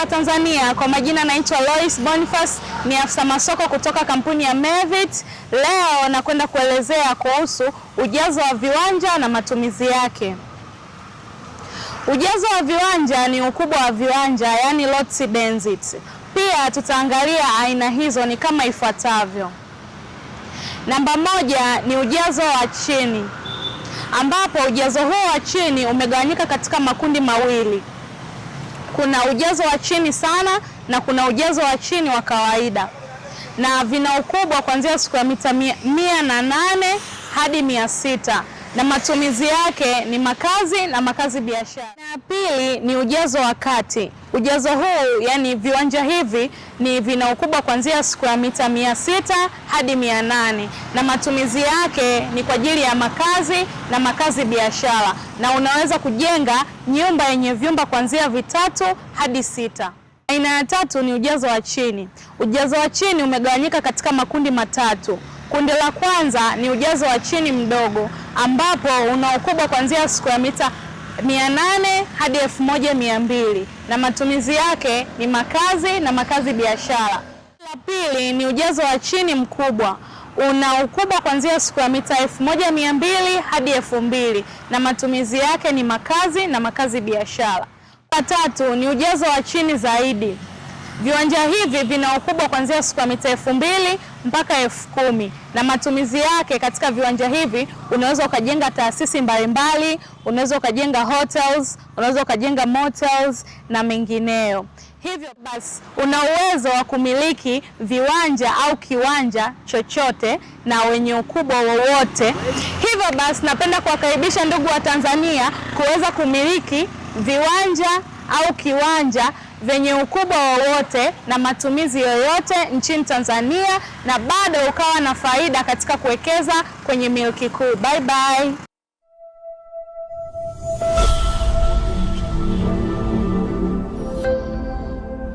wa Tanzania kwa majina naitwa Lois Boniface, ni afisa masoko kutoka kampuni ya Mevit. Leo nakwenda kuelezea kuhusu ujazo wa viwanja na matumizi yake. Ujazo wa viwanja ni ukubwa wa viwanja, yani lot density. Pia tutaangalia aina hizo ni kama ifuatavyo. Namba moja ni ujazo wa chini, ambapo ujazo huo wa chini umegawanyika katika makundi mawili kuna ujazo wa chini sana na kuna ujazo wa chini wa kawaida, na vina ukubwa kuanzia siku ya mita mia, mia na nane hadi mia sita na matumizi yake ni makazi na makazi biashara. Na pili ni ujazo wa kati. Ujazo huu yani, viwanja hivi ni vina ukubwa kuanzia square mita mia sita hadi mia nane na matumizi yake ni kwa ajili ya makazi na makazi biashara, na unaweza kujenga nyumba yenye vyumba kuanzia vitatu hadi sita. Aina ya tatu ni ujazo wa chini. Ujazo wa chini umegawanyika katika makundi matatu. Kundi la kwanza ni ujazo wa chini mdogo ambapo una ukubwa kuanzia square mita 800 hadi 1200 na matumizi yake ni makazi na makazi biashara. La pili ni ujazo wa chini mkubwa una ukubwa kuanzia square mita 1200 hadi 2000 na matumizi yake ni makazi na makazi biashara. La tatu ni ujazo wa chini zaidi Viwanja hivi vina ukubwa kuanzia square mita elfu mbili mpaka elfu kumi na matumizi yake katika viwanja hivi, unaweza ukajenga taasisi mbalimbali, unaweza ukajenga hotels, unaweza ukajenga motels na mengineyo. Hivyo basi una uwezo wa kumiliki viwanja au kiwanja chochote na wenye ukubwa wowote. Hivyo basi napenda kuwakaribisha ndugu wa Tanzania kuweza kumiliki viwanja au kiwanja vyenye ukubwa wowote na matumizi yoyote nchini Tanzania na bado ukawa na faida katika kuwekeza kwenye milki kuu. Bye bye.